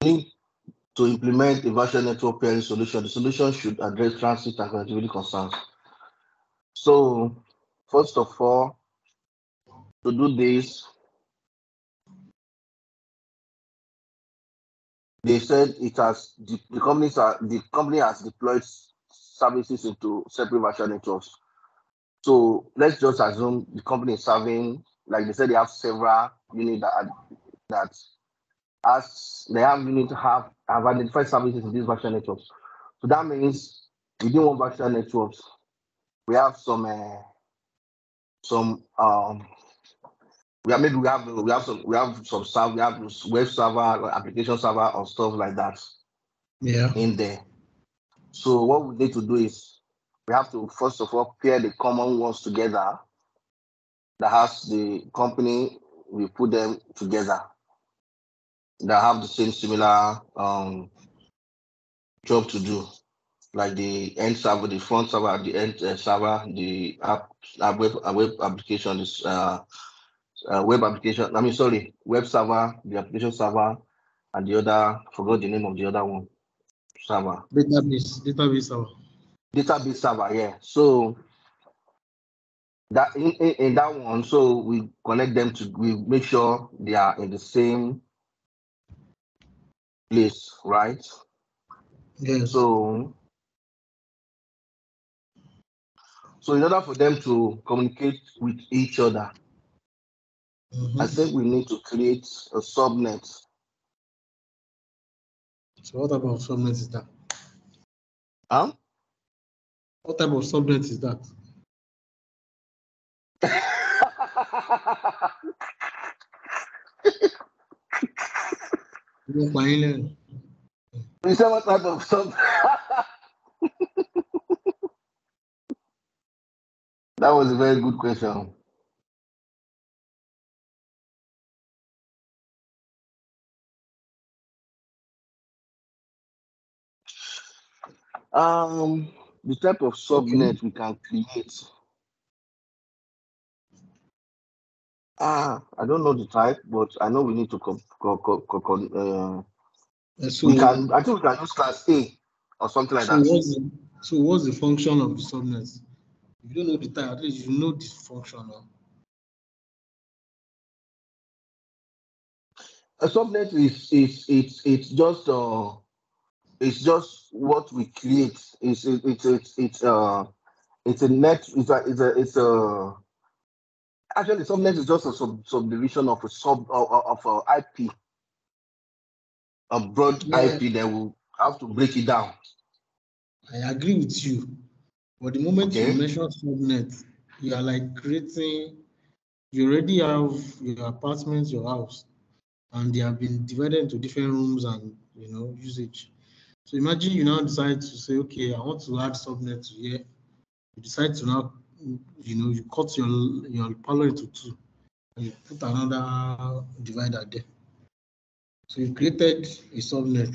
to implement a virtual network pairing solution. The solution should address transit and connectivity concerns. So, first of all, to do this, they said it has the, the companies are the company has deployed services into separate virtual networks. So let's just assume the company is serving, like they said, they have several units that that as they have you to have have identified services in these virtual networks. So that means within one virtual networks, we have some uh, some um, we have maybe we have we have some we have some server we have web server application server or stuff like that. Yeah. In there. So what we need to do is we have to first of all pair the common ones together. That has the company we put them together that have the same similar um, job to do, like the end server, the front server, the end uh, server, the app, app web, uh, web application, this uh, uh, web application. I mean, sorry, web server, the application server, and the other. Forgot the name of the other one. Server. Database, database server. Database server. Yeah. So that in, in, in that one, so we connect them to. We make sure they are in the same place, right? Yes. So, so in order for them to communicate with each other, mm-hmm. I think we need to create a subnet. So what about subnet is that? Huh? What type of subnet is that? Look like he live. You type of something. that was a very good question. Um, the type of subnet we can create Ah, I don't know the type, but I know we need to co- co- co- co- uh, uh, so we can. I think we can use class A or something like so that. What's the, so what's the function of the subnets? If you don't know the type, at least you know this function. A subnet is is it's it's just uh it's just what we create. It's it's it's it's, it's uh it's a net. It's a it's a it's a Actually, subnet is just a sub subdivision of a sub of, of, a uh, IP, a broad yeah. IP that will have to break it down. I agree with you, but the moment okay. you mention subnet, you are like creating. You already have your apartments, your house, and they have been divided into different rooms and you know usage. So imagine you now decide to say, okay, I want to add subnet to here. You decide to now you know, you cut your your parallel into two, and you put another divider there. So you created a subnet,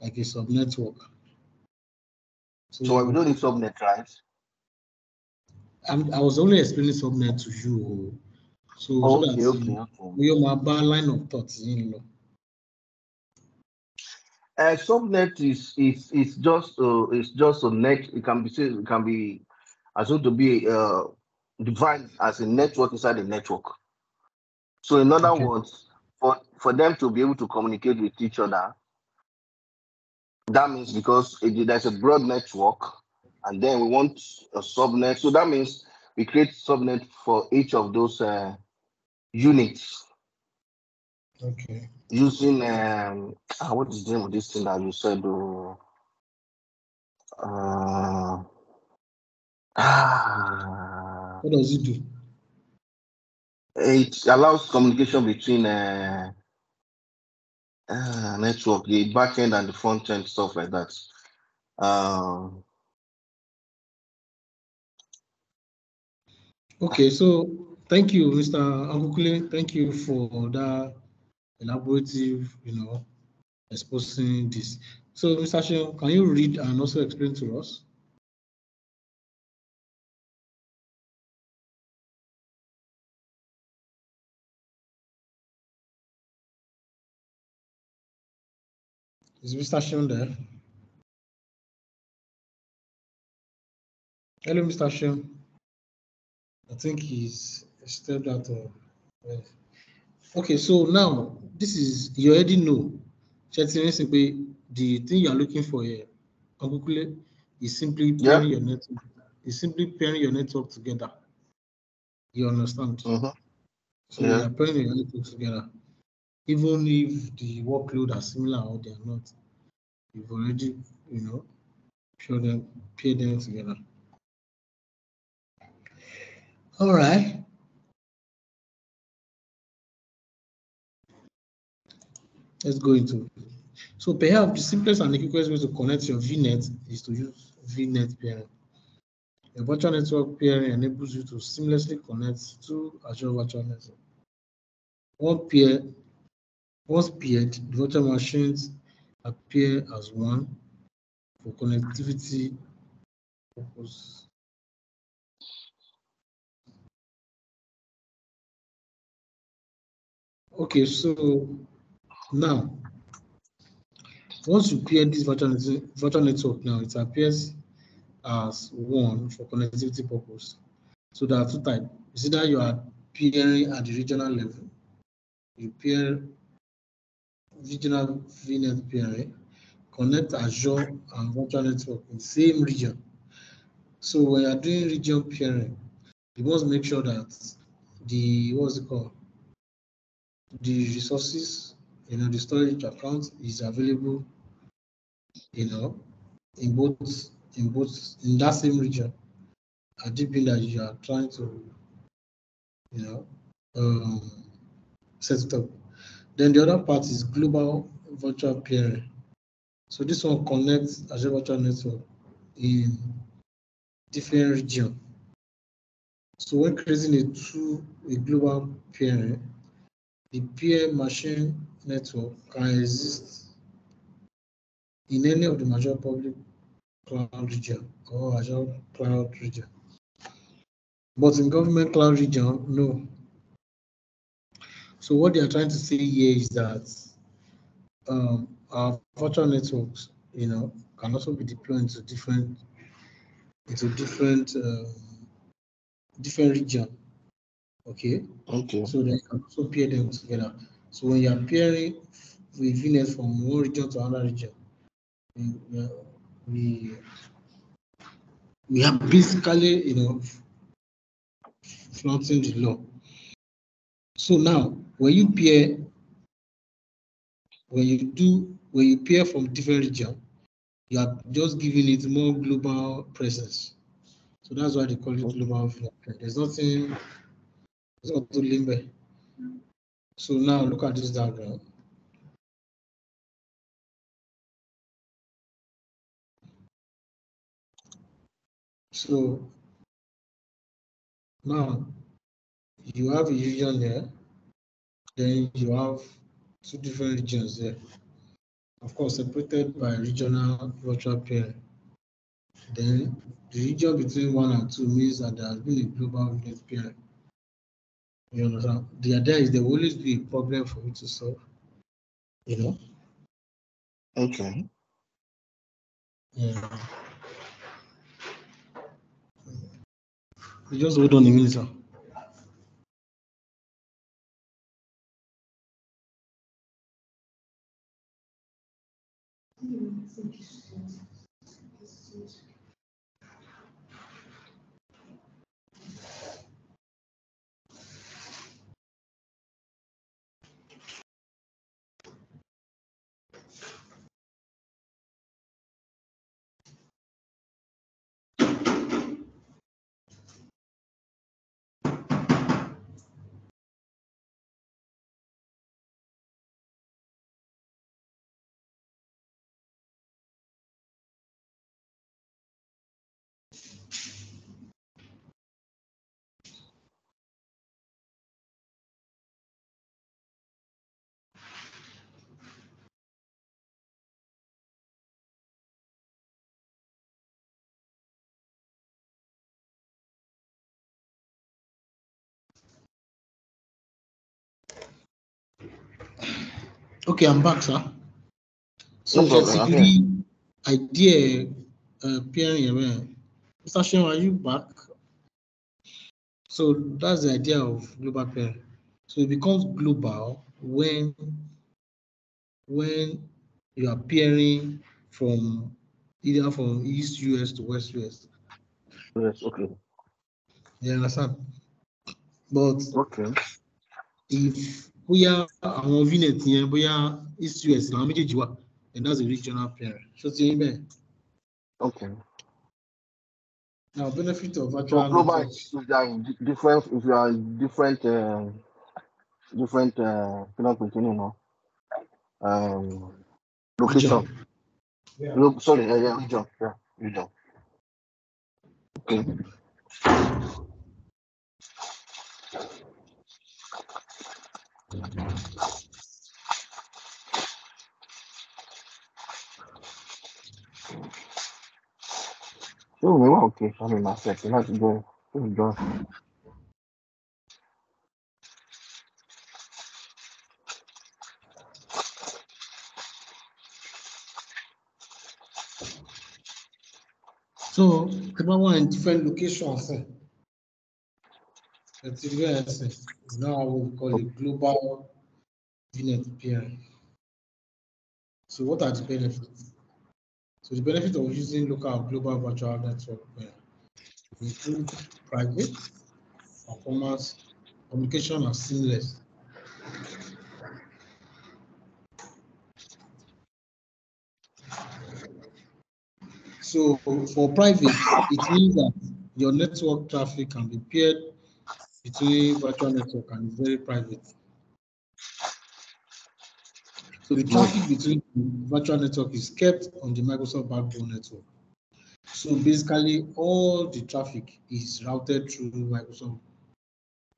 like a subnetwork. So, so we don't subnet, right? I'm, I was only explaining subnet to you. So, oh, so okay, okay, okay. we are my line of thoughts. you know. Uh, subnet is is is just uh, it's just a net. It can be it can be as well to be uh, defined as a network inside a network. So in other okay. words, for, for them to be able to communicate with each other, that means because it, there's a broad network, and then we want a subnet. So that means we create subnet for each of those uh, units. Okay. Using um, ah, what is the name of this thing that you said? Oh, uh, Ah. What does it do? It allows communication between uh, uh, network, the back end and the front end, stuff like that. Um, okay, so thank you, Mr. Angukule. Thank you for that elaborative, you know, exposing this. So, Mr. Shion, can you read and also explain to us? Is Mr. Shun there? Hello, Mr. Shun. I think he's stepped out of. Okay, so now this is you already know. Chatting simply the thing you are looking for here on Google is simply pairing yeah. your network. Is simply pairing your network together. You understand? Uh mm-hmm. -huh. So yeah. you are pairing your network together even if the workload are similar or they are not, you've already, you know, pair them, them together. All right. Let's go into it. So perhaps the simplest and the quickest way to connect your VNet is to use VNet pairing. A virtual network pairing enables you to seamlessly connect to Azure virtual network. One peer once paired, the virtual machines appear as one for connectivity purpose. Okay, so now, once you pair this virtual, virtual network now, it appears as one for connectivity purpose. So there are two types. It's either you are pairing at the regional level, you pair regional VNet PRA, connect Azure and virtual network in the same region. So when you are doing region peering, you must make sure that the what's it called? The resources, you know, the storage account is available, you know, in both in both in that same region. A deep in that you are trying to, you know, um, set it up. Then the other part is global virtual peering. So this one connects Azure Virtual Network in different region. So when creating a two a global peer, the peer machine network can exist in any of the major public cloud region or Azure cloud region. But in government cloud region, no. So what they are trying to say here is that um, our virtual networks, you know, can also be deployed into different into different uh, different region. Okay. Okay. So they can also pair them together. So when you are pairing with VNet from one region to another region, we we, we basically you know flaunting the law. So now when you pair, when you do, when you pair from different region, you are just giving it more global presence. So that's why they call it global There's nothing, there's to limit. So now look at this diagram. So now you have a region here. Then you have two different regions there. Of course, separated by regional virtual pair. Then the region between one and two means that there has been a global village pair. You understand? The idea is there will always be a problem for you to solve. You know? Okay. Yeah. You just hold on a minute, sir. Mm-hmm. Okay, I'm back, sir. So no basically, idea uh, PNM. Mr. Shen, are you back? So that's the idea of global pairing. So it becomes global when when you are pairing from either from East US to West US. Yes, okay. Yeah, understand? But okay. if bóyá àwọn vnet yẹn bóyá east us làwọn wà and that's a regional player ṣó ti yín okay. now benefit of actual. so global if you are in different if you are different uh, different kí ló ń pè kí um, location. Yeah. No, sorry, No. yeah, region. Yeah, region. Okay. Ooh, we won't kick him my second. That's good. This is So, we want to different locations. Eh? That's it, now we'll call it global VNet peer. So what are the benefits? So the benefit of using local global virtual network peer include private, performance, communication are seamless. So for private, it means that your network traffic can be paired between virtual network and it's very private. So the hmm. traffic between the virtual network is kept on the Microsoft backbone network. So basically all the traffic is routed through Microsoft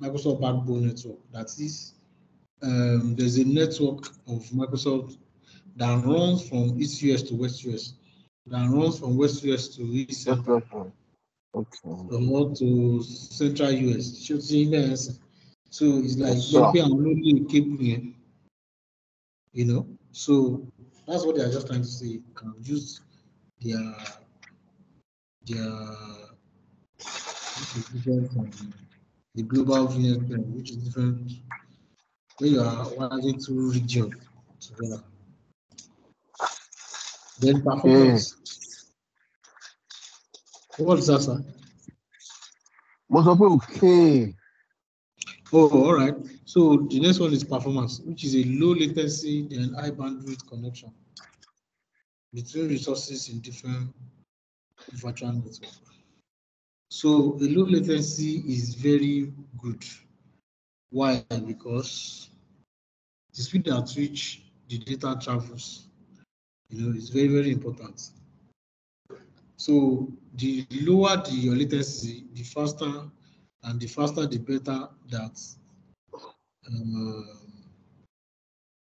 Microsoft backbone network. That is, um, there's a network of Microsoft that runs from East US to West US, that runs from West US to East Central. Okay. From more to central US. Ṣé o So it's like wọ́n pé àwọn olóyè kébù You know, so that's what they are just trying to say. Can use their their different from the global vision plan, which is different when you are managing two regions together. Then performance. Mm. What's that, sir? Most of okay. Oh, all right. So the next one is performance, which is a low latency and high bandwidth connection between resources in different virtual networks. So a low latency is very good. Why? Because the speed at which the data travels, you know, is very, very important. So the lower the your latency, the faster, and the faster the better that um,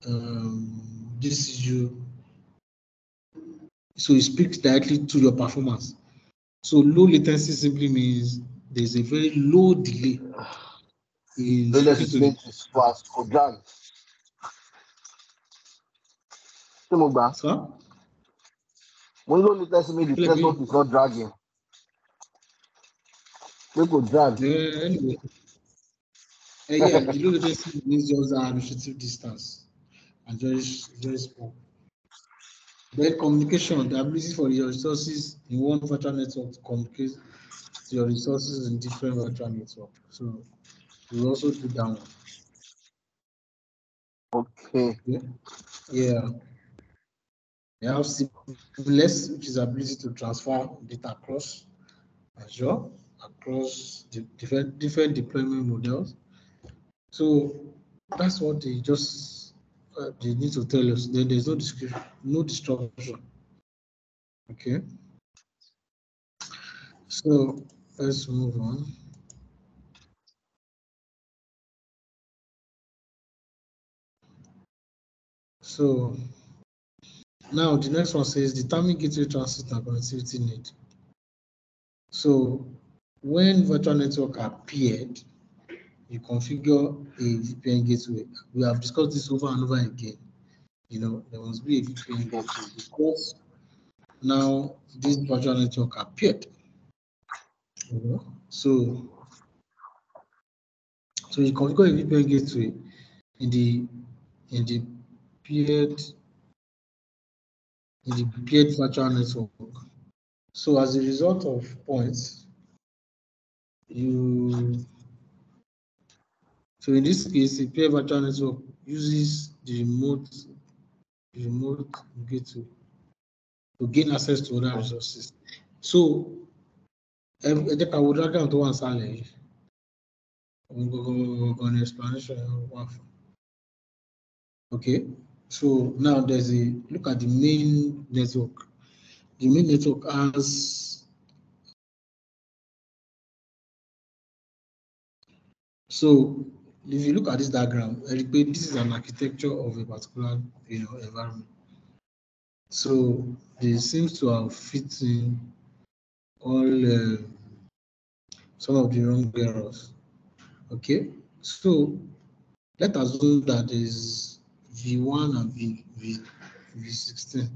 um, this is you. So it speaks directly to your performance. So low latency simply means there's a very low delay. In latency fast for grants. When you don't look like somebody, the threshold is not dragging. They could drag. Uh, anyway. Uh, yeah, below the threshold means just an administrative distance and very, very small. Then communication, the ability for your resources in one virtual network to communicate to your resources in different virtual networks. So you also do that one. Okay. Yeah. yeah. We have serverless, which is ability to transfer data across Azure, across the different, different deployment models. So that's what they just uh, they need to tell us. Then there's no no disruption. Okay. So let's move on. So now, the next one says determine gateway transit and connectivity need. So when virtual network appeared, you configure a VPN gateway. We have discussed this over and over again. You know, there must be a VPN gateway because now this virtual network appeared. You know? So, so you configure a VPN gateway in the in the period the declared virtual network. So as a result of points, you so in this case, the peer virtual network uses the remote remote gateway to gain access to other resources. So I would like to i to go on explanation. Okay. So now there's a look at the main network. The main network has so if you look at this diagram, this is an architecture of a particular you know environment. So they seems to have fit in all uh, some of the wrong errors. Okay, so let us assume that is V1 and V, v V16.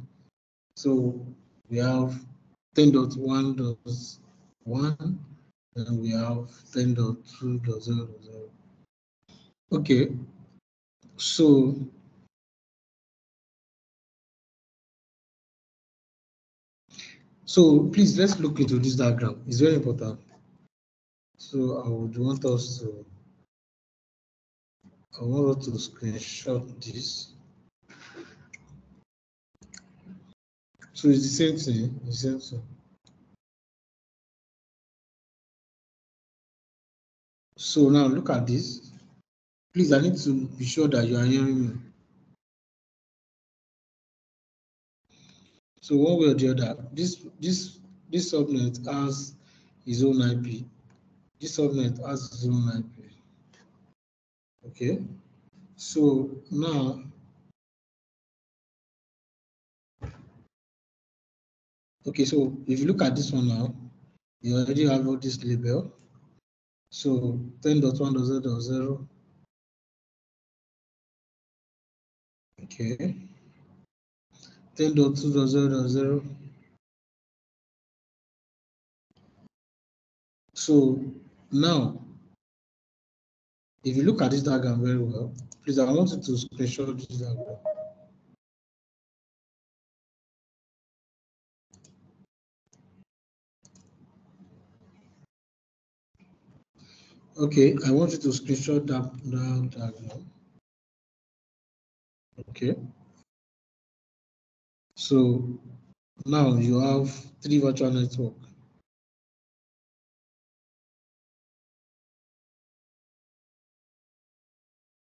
So we have 10.1.1, and we have 10.2.0.0. Okay, so so please let's look into this diagram. It's very important. So I would want us to I want to screenshot this. So it's the same thing, the same thing. So now look at this. Please, I need to be sure that you are hearing me. So one way or the other, this this this subnet has its own IP. This subnet has its own IP. Okay, so now okay so if you look at this one now you already have all this label so 10.1.0.0 okay 10.2.0.0 so now if you look at this diagram very well, please allow me to screenshot this diagram. Okay, I want you to screenshot that, that diagram. Okay. So now you have three virtual networks.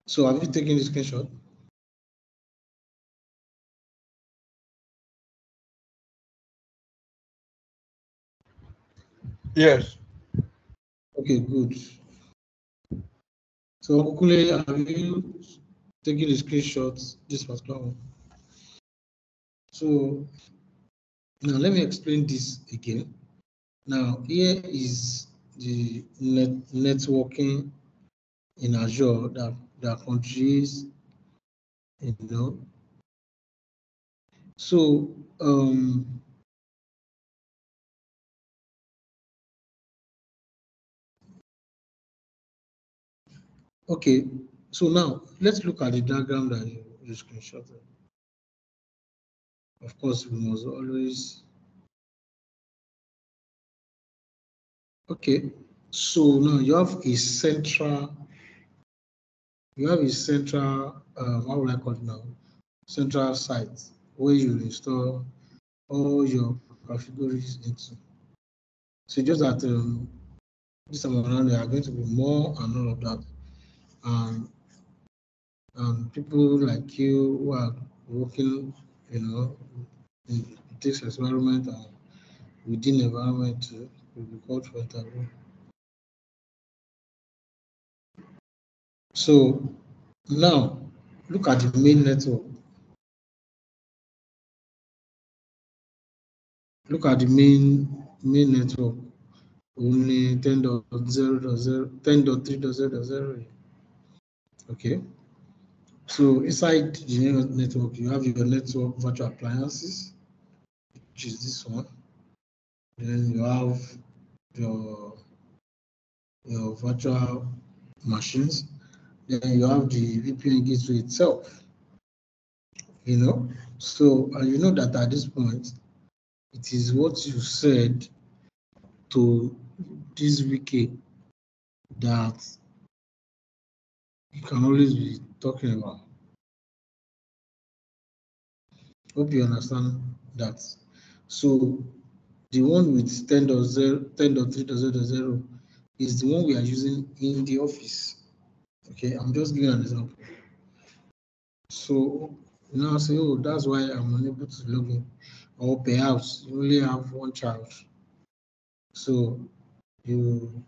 So are you taking the screenshot? Yes. Okay, good. So Okule, are you taking the screenshot this was wrong. So now let me explain this again. Now here is the net networking in Azure that the countries, you know. So, um, okay, so now let's look at the diagram that you, you screenshotted. Of course, we must always. Okay, so now you have a central you have a central, um, how would I call it now? Central site where you install all your configurations into. So just that um, this time around there are going to be more and all of that. Um, and people like you who are working, you know, in this environment and within environment, uh, will be called for interview. So now look at the main network. Look at the main main network. Only 10.0.0, 10.3.0.0. Okay. So inside the network, you have your network virtual appliances, which is this one. Then you have your, your virtual machines, then you have the VPN gateway itself. You know, so you know that at this point, it is what you said to this wiki that you can always be talking about. Hope you understand that. So the one with ten 10.3.0.0 10 is the one we are using in the office. Okay, I'm just giving an example. So now say, oh, that's why I'm unable to log in. Or perhaps you only have one child. So you,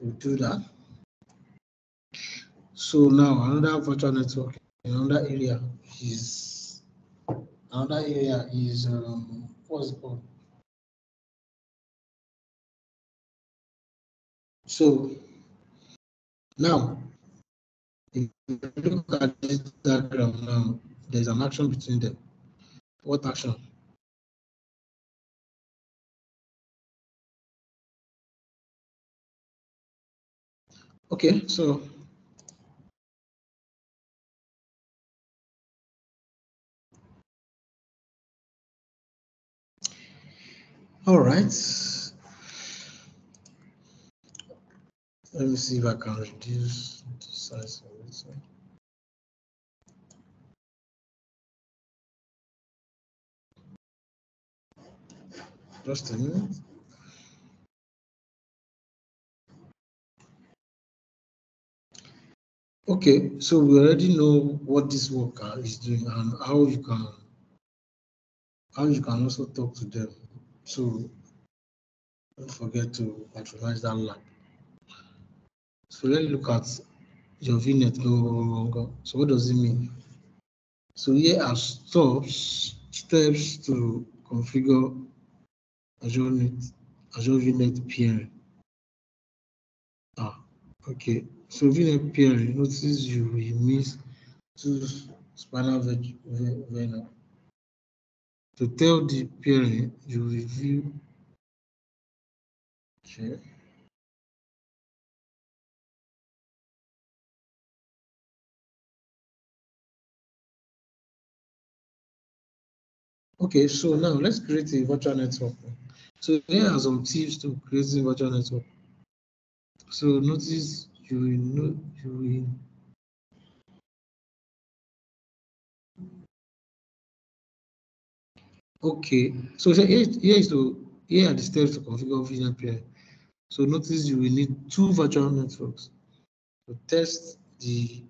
you do that. So now another virtual network, another area is another area is um, what's it called? So now, if you look at this diagram now, there's an action between them. What action? Okay, so all right. Let me see if I can reduce the size of this one. Just a minute. Okay, so we already know what this worker is doing and how you can how you can also talk to them. So don't forget to patronize that line. So let's look at your vignette go longer. So what does it mean? So here are steps, steps to configure Azure Net, Azure VNet peering. Ah, okay. So VNet peering, notice you will miss two spanner vendor. To tell the peering, you review. Okay. Okay, so now let's create a virtual network. So here are some tips to creating virtual network. So notice you will know you will okay. So here is the here are the steps to configure Vision Pair. So notice you will need two virtual networks to test the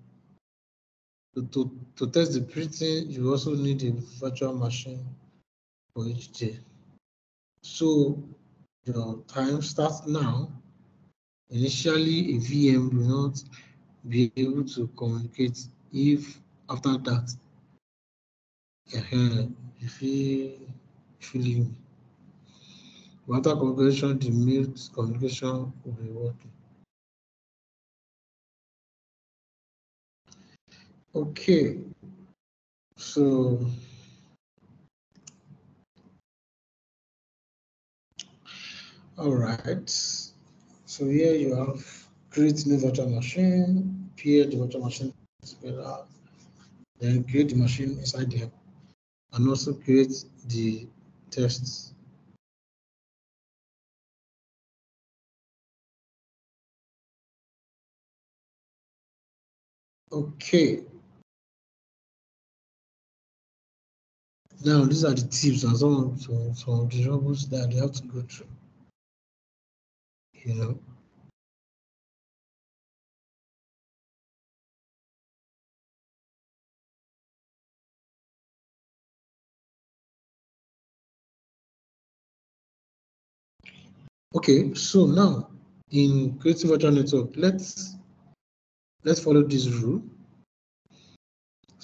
to, to, to test the printing, you also need a virtual machine for each day. So your time starts now. Initially, a VM will not be able to communicate if after that, uh, if you feeling, you communication, the mute communication will be working. Okay, so all right. So here you have create new virtual machine, peer the virtual machine then create the machine inside here, and also create the tests. Okay, Now, these are the tips and some some, some of the troubles that they have to go through. You know. Okay, so now in creative virtual network, let's let's follow this rule.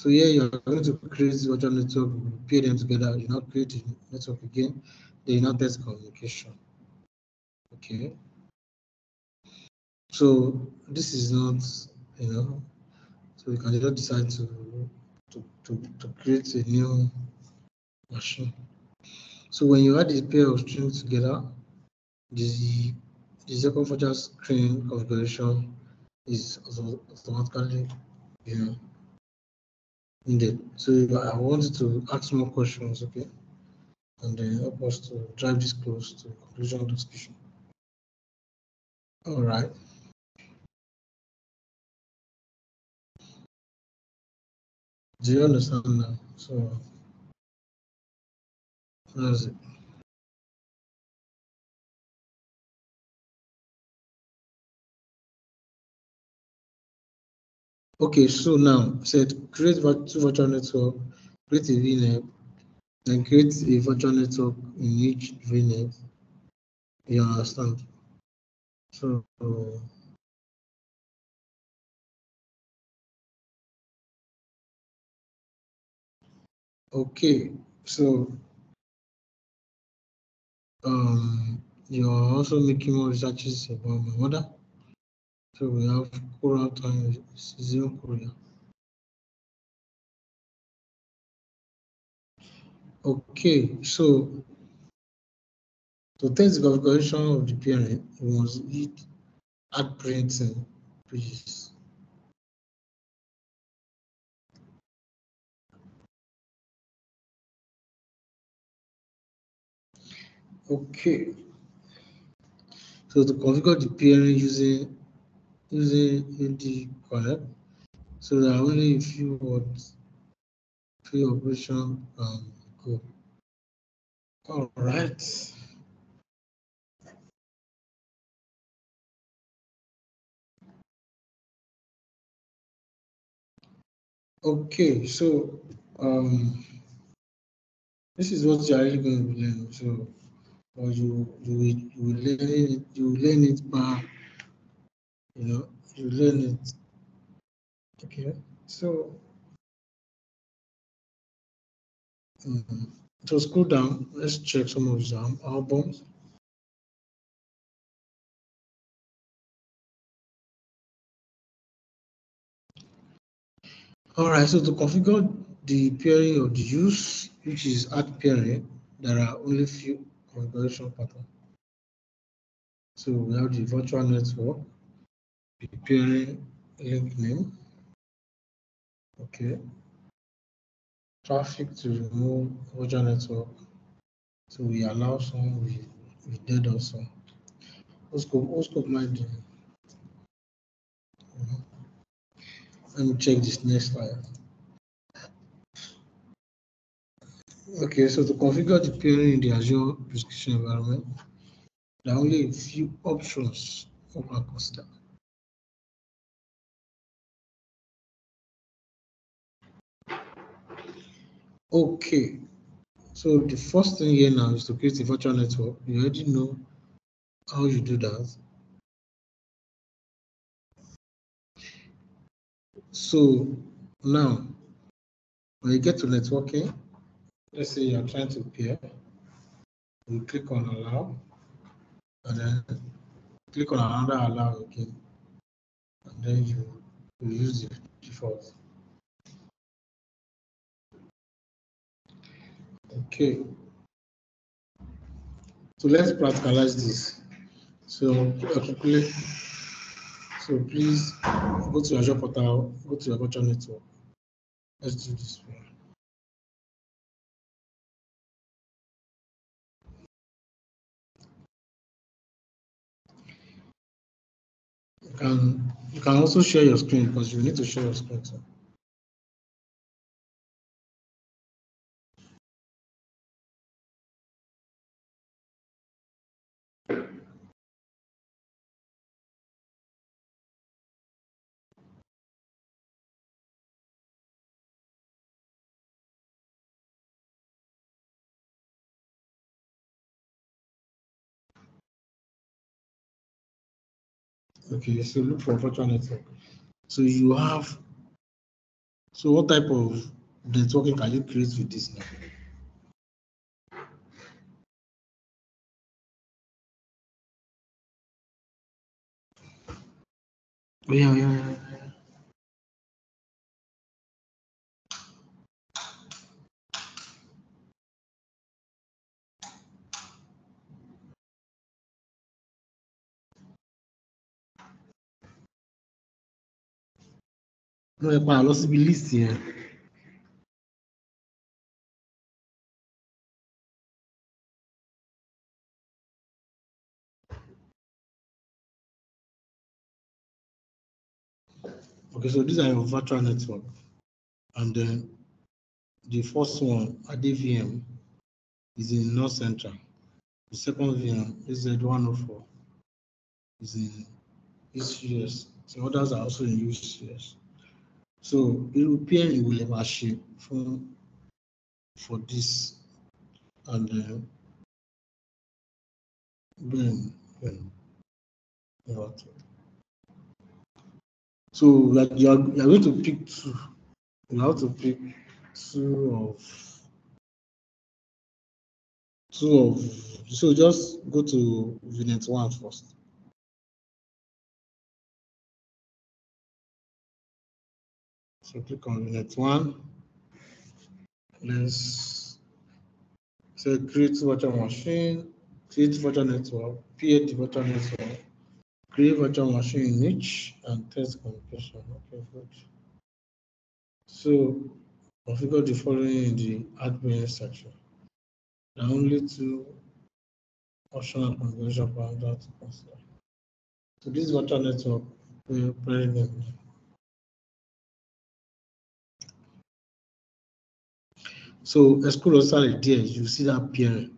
So here you're going to create virtual network, pair them together, you know, create a network again, then you know, test communication. Okay. So this is not, you know, so you can just decide to, to, to, to create a new machine. So when you add this pair of strings together, the, the second virtual screen configuration is automatically, you know, Indeed. Uh, so I wanted to ask more questions, okay, and uh, help us to drive this close to conclusion of the discussion. All right. Do you understand now? So that's it. Okay, so now said create two virtual network, create a VNet, and create a virtual network in each VNet. You understand? So okay, so um, you're also making more researches about my mother. So we have Korea times 0 Korea. Okay, so to test the configuration of the parent, we must at add printing pages. Okay, so to configure the parent using using AD collab. So there are only a few words, free operation um, go. All right. Okay, so um, this is what you are really going to learn. So, or you you will, you will learn it, you will learn it by you know, you learn it. Okay, so um, to scroll down, let's check some of the um, albums. All right, so to configure the pairing of the use, which is at pairing, there are only few configuration patterns. So we have the virtual network, PPI link name. Okay. Traffic to remove Roger network. So we allow some, we, we did also. Oscope, Oscope might do. Mm -hmm. Let me check this next slide. Okay, so to configure the peering in the Azure prescription environment, there are only a few options for our considered. Okay, so the first thing here now is to create the virtual network. You already know how you do that. So now, when you get to networking, let's say you're trying to pair, you click on allow, and then click on another allow again, and then you, you use the default. Okay. So let's practicalize this. So quickly, so please go to Azure portal, go to your virtual network. Let's do this one. You can you can also share your screen because you need to share your screen. So. Okay, so look for virtual network. So you have, so what type of networking can you create with this now? Oh, yeah, yeah, yeah. lọ Okay, so these are your virtual network. And then the first one, ADVM, is in North Central. The second VM, at 104 is in East US. The others are also in East US so European will ìwò for for this and bẹ́ẹ̀ uh, So like you are, you are going to pick two. You have to pick two of two of so just go to unit one first. So click on that one. Let's say create virtual machine, create virtual network, create virtual network, create virtual machine in each, and test compression. Okay, good. So configure the following in the admin section. There are only two optional configuration parameters. So this virtual network will be name. So a school also is you see that appearing.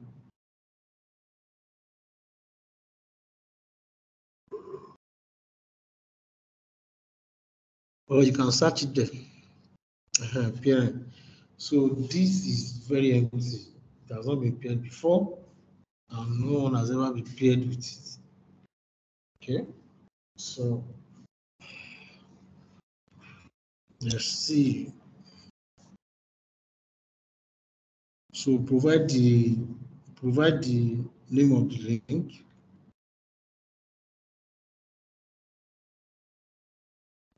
Or you can search it there. Uh So this is very empty. It has not been paired before, and no one has ever been paired with it. Okay, so let's see. So provide the provide the name of the link.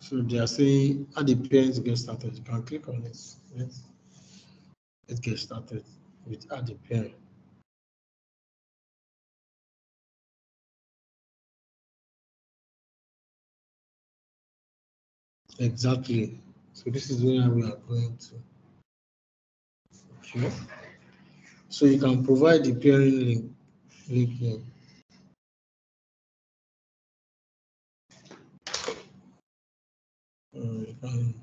So they are saying how the parents get started. You can click on it. Let's, let's get started with add a parent. Exactly. So this is where we are going to. Okay. So you can provide the pairing link, link name. Um,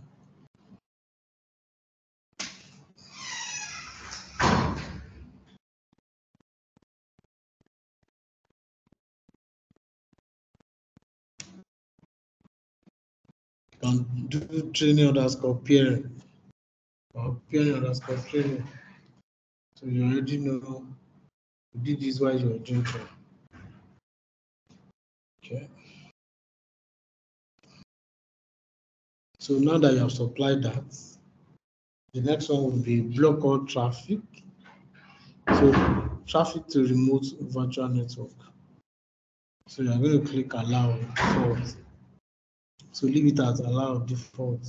can do training underscore pairing or pairing underscore training. So you already know you did this while you're drinking. Okay. So now that you have supplied that, the next one will be block all traffic. So traffic to remote virtual network. So you are going to click allow default. So leave it as allow default.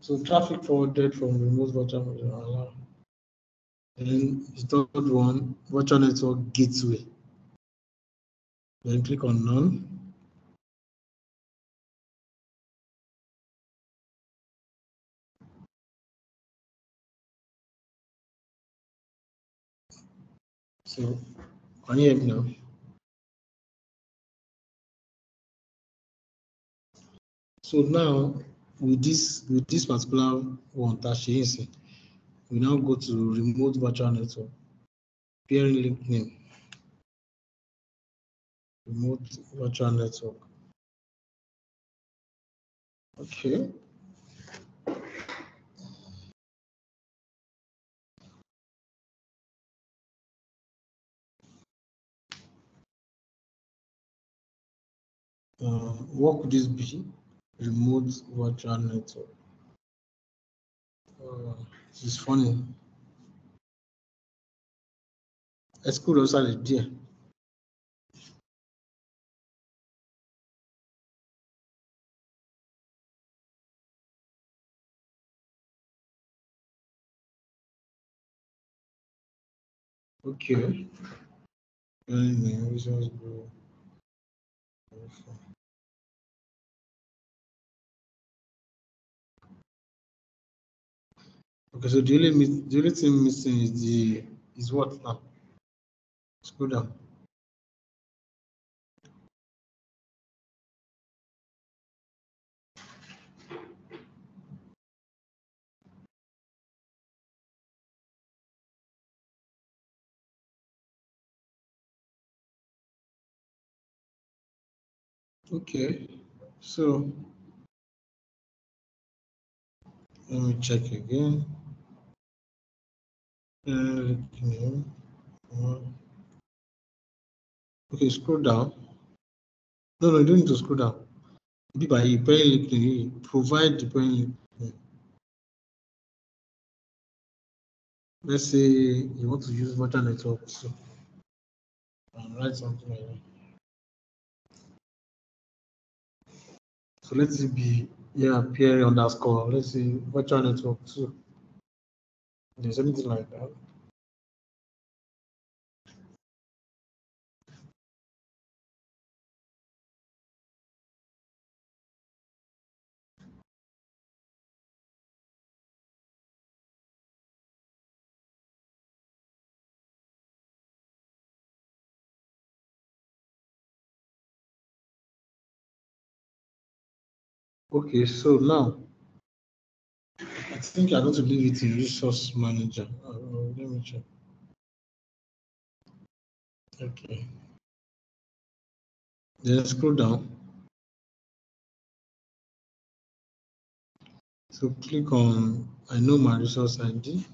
So traffic forwarded from remote virtual network allow. Then the third one, virtual network gateway. Then click on none. So can you now? So now with this with this particular one that she is in, we now go to remote virtual network, peering link name, remote virtual network. Okay. Uh, what could this be? Remote virtual network. Uh, it's funny. est cool also vous allez Ok. Okay, so the only, the only thing missing is the is what now? Scroll down. Okay, so let me check again. Mm, okay, scroll down. No, no, you don't need to scroll down. maybe by parent link, provide the parent link. Hmm. Let's say you want to use virtual network, so I'll write something like that. So let's be yeah, peer underscore. Let's see virtual network two. నిజం జిల్లా Okay, so now think I'm going to leave it in resource manager. Uh, let me check. Okay. Then scroll down. So click on, I know my resource ID.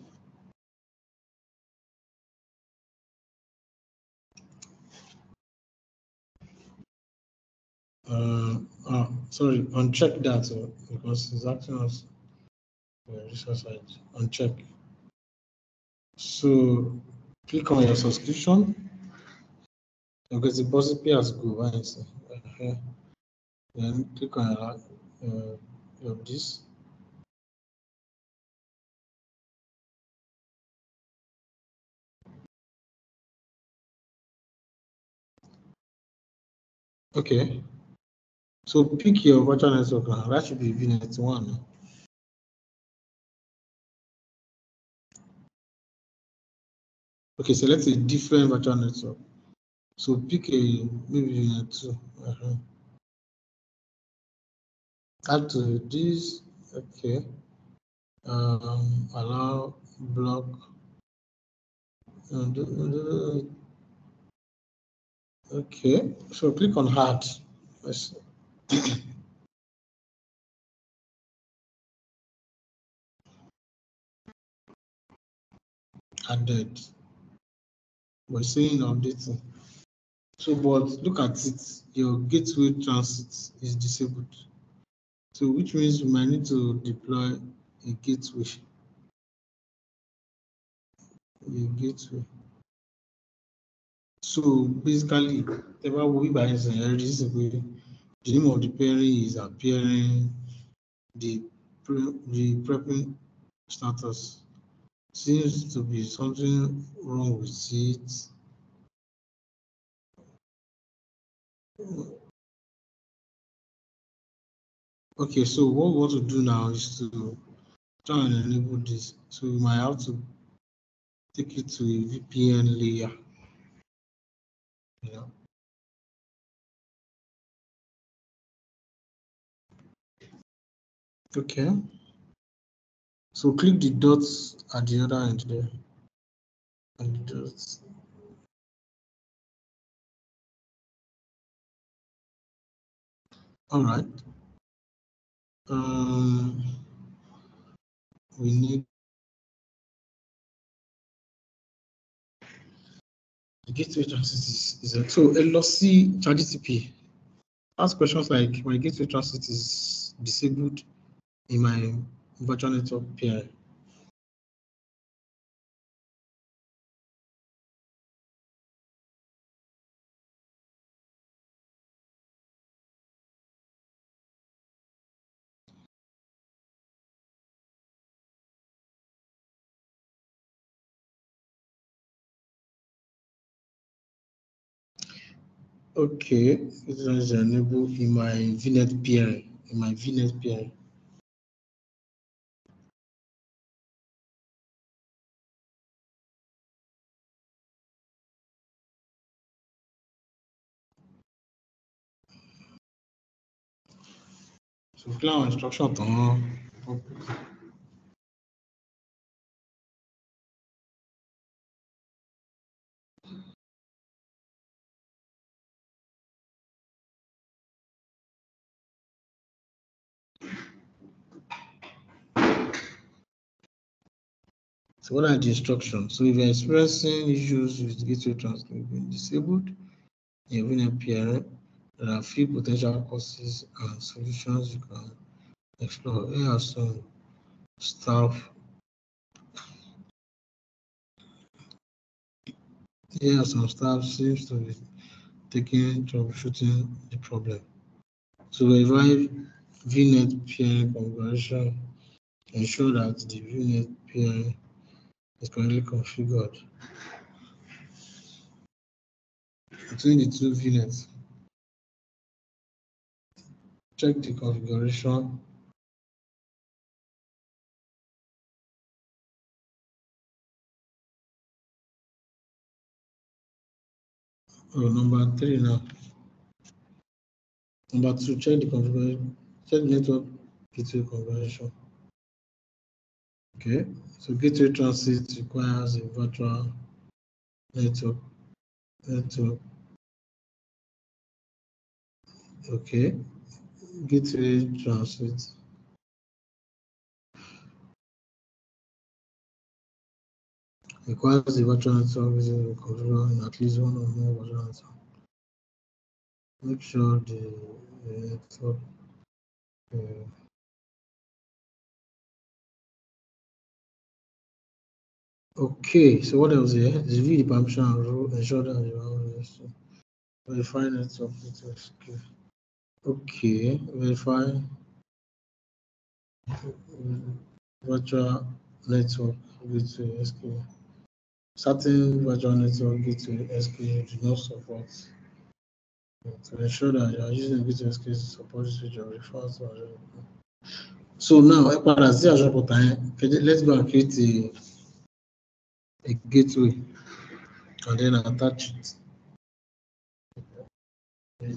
Uh, oh, sorry, uncheck that uh, because it's actually research and check. So click on your subscription Okay, the possibility has go right uh-huh. Then click on uh, of this. Okay. So pick your virtual network. That should be VNet one. Okay, select a different virtual network. So pick a maybe two. Uh -huh. Add to this, okay. Um, allow block. Okay, so click on hard. added we're saying on dating. So, but look at it, your gateway transit is disabled. So, which means we might need to deploy a gateway. A gateway. So basically, the we buy is the name of the pairing is appearing, the, pre, the prepping status seems to be something wrong with it. Okay, so what we want to do now is to try and enable this. So we might have to take it to a VPN layer. You know. Okay. So click the dots at the other end there. And the dots. All right. Um, we need the gateway transit is, is a, so LOC ChatGTP ask questions like my gateway transit is disabled in my version it up here. Okay, this is enable in my VNet peering, in my VNet peering. so kí láwọn instruction tó ń So what are the instructions? So if you're experiencing issues with gateway translation being disabled, an appear there are a few potential causes and solutions you can explore. Here are some stuff. Here are some stuff seems to be taking troubleshooting the problem. So we revive VNet peer configuration, ensure that the VNet peer is correctly configured between the two VNets check the configuration Oh, number three now. Number two, check the configuration, check network gateway configuration. Okay, so gateway transit requires a virtual network. Network. Okay, gateway transit. Requires the virtual network using the controller in at least one or more virtual Make sure the, uh, network uh, Okay, so what else here? Review the permission rule, ensure that you are always verify network details. Okay. Okay, verify virtual network gateway SQL. Certain virtual network gateway SQL do not support. To ensure that you are using gateway SQL to support this feature, refer to Azure. So now, Azure portal, let's go and create a, a gateway and then attach it. Okay,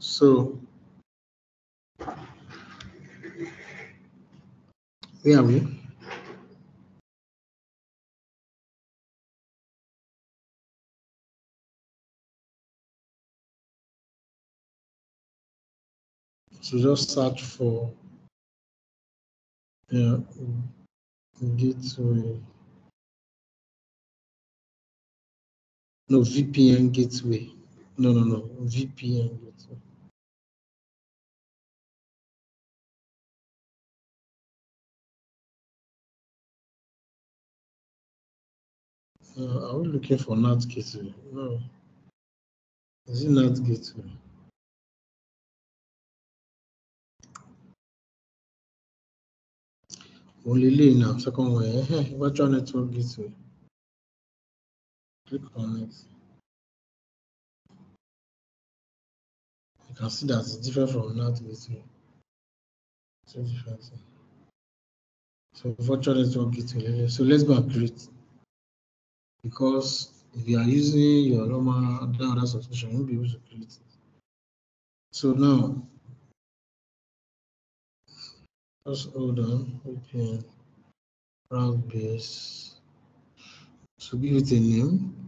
so where are we? So just search for yeah, gateway. No, VPN gateway. No, no, no, VPN gateway. Uh, are we looking for NAT gateway? No. Is it NAT gateway? Only lè lè now second one ẹ̀hẹ́n virtual network gateway click on it you can see that it's different from NAT gateway so different so virtual network gateway so let's go and create because if you are using your normal data subscription you won't be able to create it so now Just hold on, open rank base. So give it a name.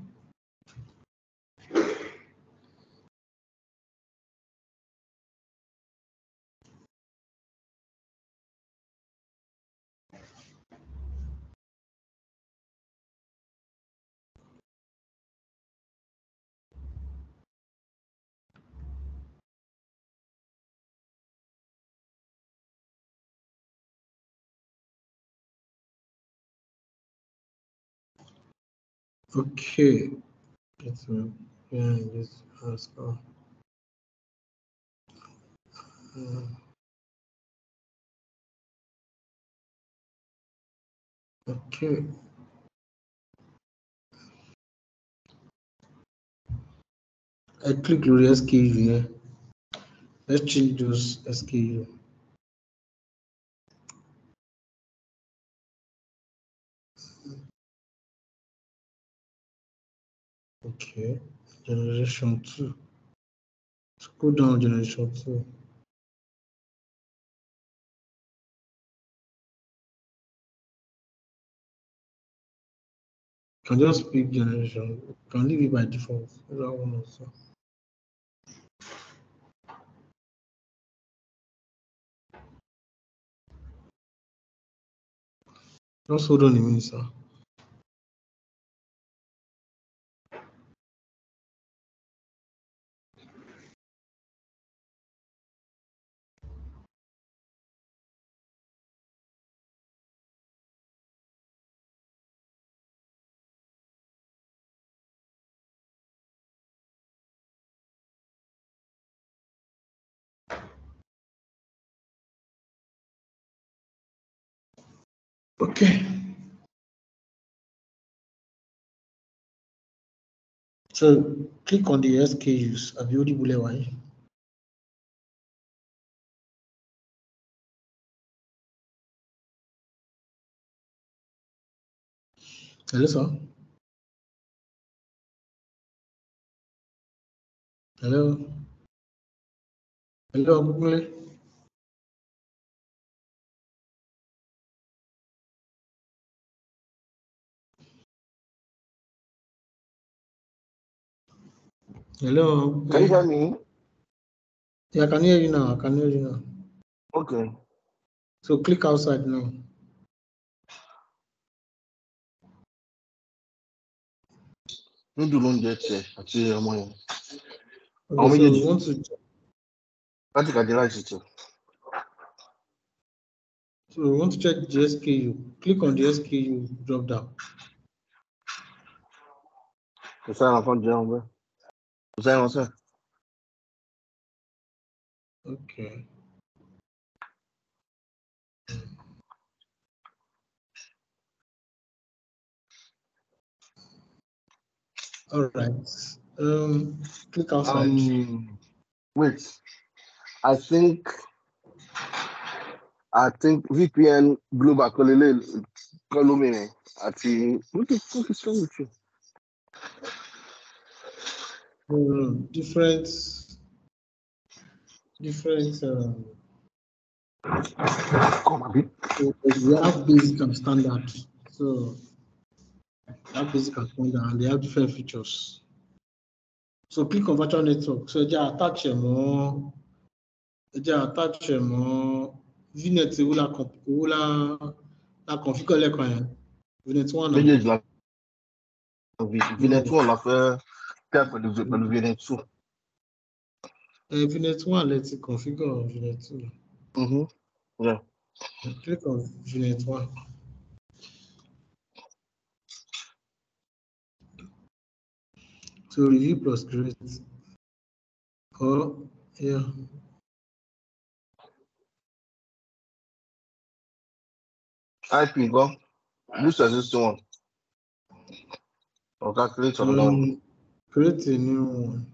Okay. That's a, yeah, just ask. for. Uh, uh, okay. I click Glorious key here. Let's change those SKU. Okay, generation two. Scroll down generation two. can just pick generation, can leave it by default. That one also. Just hold on a minute, sir. Okay. So click on the SKUs, Abiodi Bulewai. Hello, sir. Hello. Hello, Google. Hello. Can you hear me? Yeah, I can hear you now. I can hear you now. Okay. So click outside now. No, do not get Actually, I am your money. How many you want to? I think I realize it. So we want to check the Click on the SKU drop down. Yes, I found the number. Hussein also. Okay. All right. Um, click outside. Um, wait. I think I think VPN Global Colile Columine àti what the fuck is wrong with you? um, different different um, so we have basic and standard. So we have basic and standard and they have different features. So click on virtual network. So they attach them all. They attach them all. VNet will la will la la configure le kan. VNet one. VNet one la fẹ́ step pẹ̀lú pẹ̀lú vnet two. vnet one let's configure vnet two. Mm-hmm. Yeah. Click on vnet one. So review plus create. Oh, yeah. IP go. is existing one. Okay, create another um, one create a new one.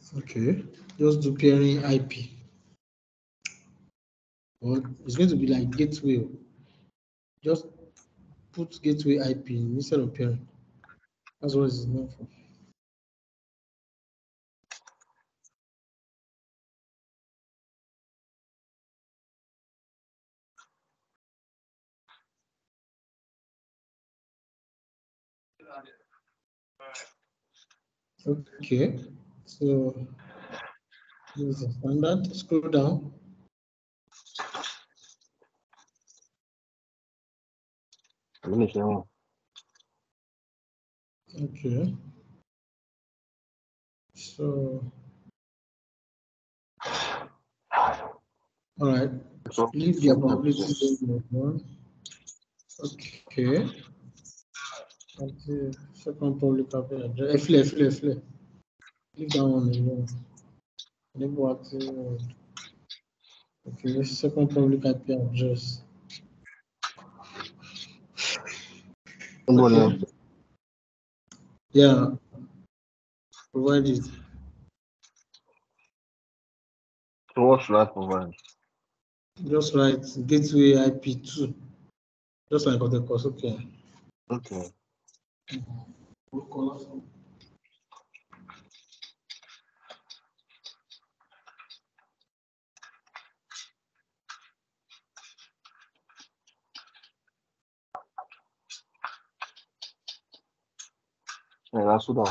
Um okay, just do pairing IP or it's going to be like gateway. Just put gateway IP instead of parent. That's what it's meant for. Okay, so this is a standard. Scroll down. Finish that one. Okay. So. All right. So, Leave the publicity one. Okay. Second, public address. Fle, fle, fle. Leave that one alone. Leave what? Okay. Second public IP address. Okay. Yeah. Provided. So what should I provide? Just write gateway IP2. Just like on the course, okay. Okay. Mm -hmm. And Asuda.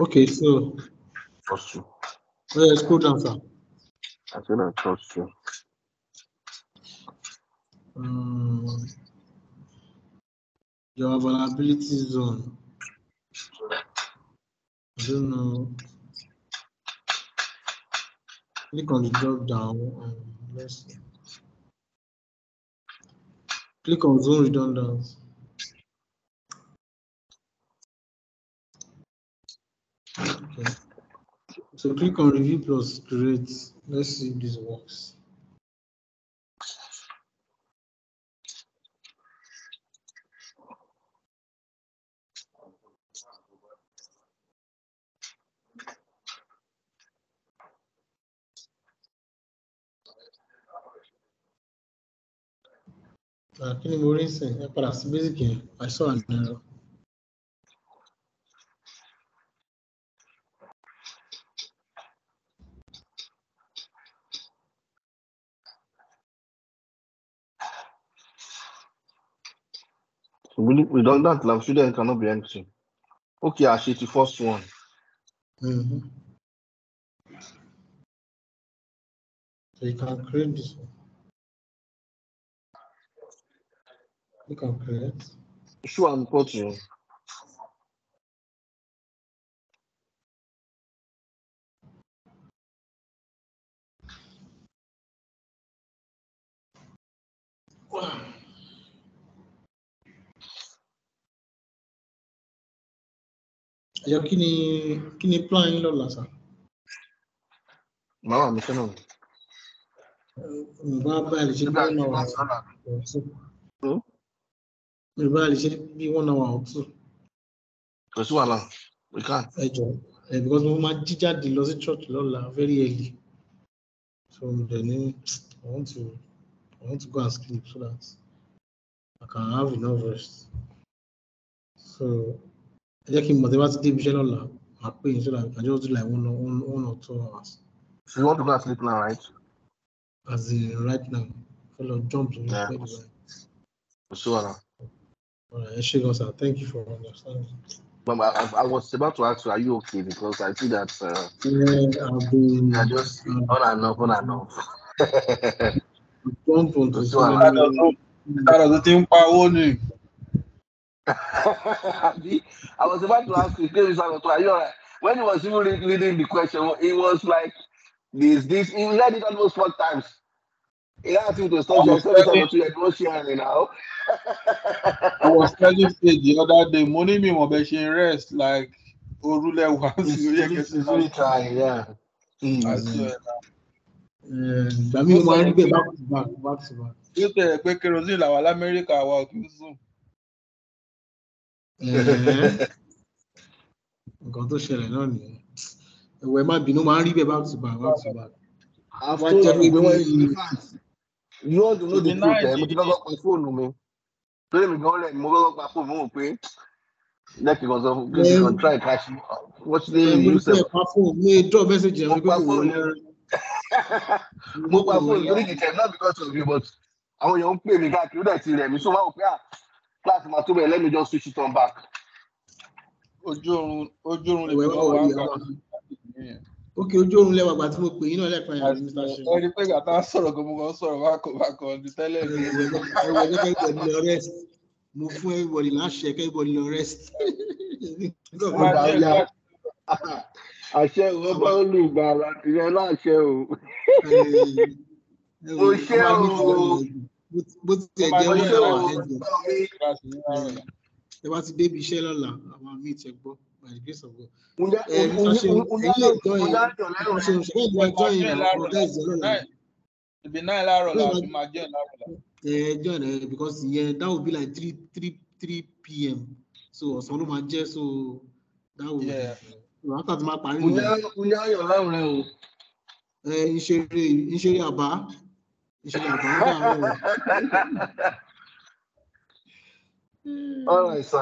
Okay, so. Trust you. Oh, yeah, it's good answer. I think I trust you. Um, your vulnerability zone. I don't know. Click on the drop down. let's Click on zone redundancy. So click on review plus create. Let's see if this works. can no Mourinho, é para se basic, I saw an error. We, don't that Lamsuda cannot be empty. Okay, I see the first one. Mm-hmm. So you can create this one. You can create. Sure, I'm putting. you. Wow. ẹjọ kí ni kí ni plan yín lọ́la sá. màá wà mí sọ́nà. bá a bá lè ṣe bí wọ́n náà wà ọ̀tún. bá a lè ṣe bí wọ́n náà wà ọ̀tún. kò sí wàhálà we can. ẹ jọ ẹ because mo máa jíjáde lọ sí church lọ́la very early so then i want to i want to go and sleep so that i can have enough rest so jẹ́ kí n mọ̀ tí wọ́n ti dé ibiṣẹ́ lọ́la máa I just do like one, one, one or two hours. So you want to go and sleep now, right? As in right now, follow jump yeah. Right? All right, sir. Thank you for understanding. Mama, I, I was about to ask you, are you okay? Because I see that uh, yeah, I've been I just uh, on and off, on and off. Don't want to. That not know. I was about to ask you, when he was even leading the question, it was like this, this, he read it almost four times. He asked him to stop your service opportunity and no sharing now. I was telling you the other day, money me more she rest like Orule once. It's really trying, yeah. Mm. -hmm. Yeah, I mean, why back to back, to back. Ó tẹ̀lé pé kerosene làwọn Amẹ́ríkà wa ò kí ń nǹkan tó ṣẹlẹ̀ náà nìyẹn ẹ̀wẹ̀ má bínú máa ń rí bẹ́ẹ̀ back to back back to back. after you go in you want to know the truth ẹ̀ eh? mo ti lọ́kọ́ pa fóònù mi torí mi gan lẹ̀ mo lọ́kọ́ pa fóònù mi wò pé lẹ́kì kan sọ fún mi kan try catch me wọ́n ti lé ìlú sẹ́wọ̀n. mo pa fóònù mi drop message ẹ̀ mo pa fóònù mo pa fóònù lórí ìtẹ̀ náà because of you but àwọn èèyàn ń pè mí káàkiri ó dẹ̀ ti rẹ̀ mí sọ wá wò pé ah láti máa let me just switch it on back. ojú oorun ojú oorun lè wọ́n wá gbà. ok ojú oorun lẹ́wà gbà tí mo pè yín náà lẹ́ẹ̀kan yàrá mr sheu. ẹ ní pé gàtà sọ̀rọ̀ gbogbo kan sọ̀rọ̀ bákan bákan ní tẹ́lẹ̀ ní. ẹ wọ ẹgbẹ́ kẹ́kẹ́ ní lọ rest mo fún everybody láṣẹ kẹ́kẹ́ lọ rest. àṣẹ ò bá olùgbàlà tìrẹ láṣẹ ò. mo ṣe ò bó ti ẹ̀ jẹ́ wọ́n àwọn ẹ̀jẹ̀ ẹ bá ti débi iṣẹ́ lọ́la àwọn míì tẹ gbọ́ by the grace of God. ẹ̀yin lè tọ́ yẹn ṣe ń ṣe ìgbà jọ yẹn ọ̀gá ìṣẹ́ lọ́la. ìbí náà láàárọ̀ la fi máa jọ láàárọ̀ la. ẹ jọ rẹ because yẹn that would be like three three three pm so ọ̀sán ló máa jẹ́ so that would be after ti máa parí nìyẹn. ǹjẹ́ ayọ̀ láwùrẹ́ o. ẹ ń ṣeré ń ṣeré àbá. should All right, so.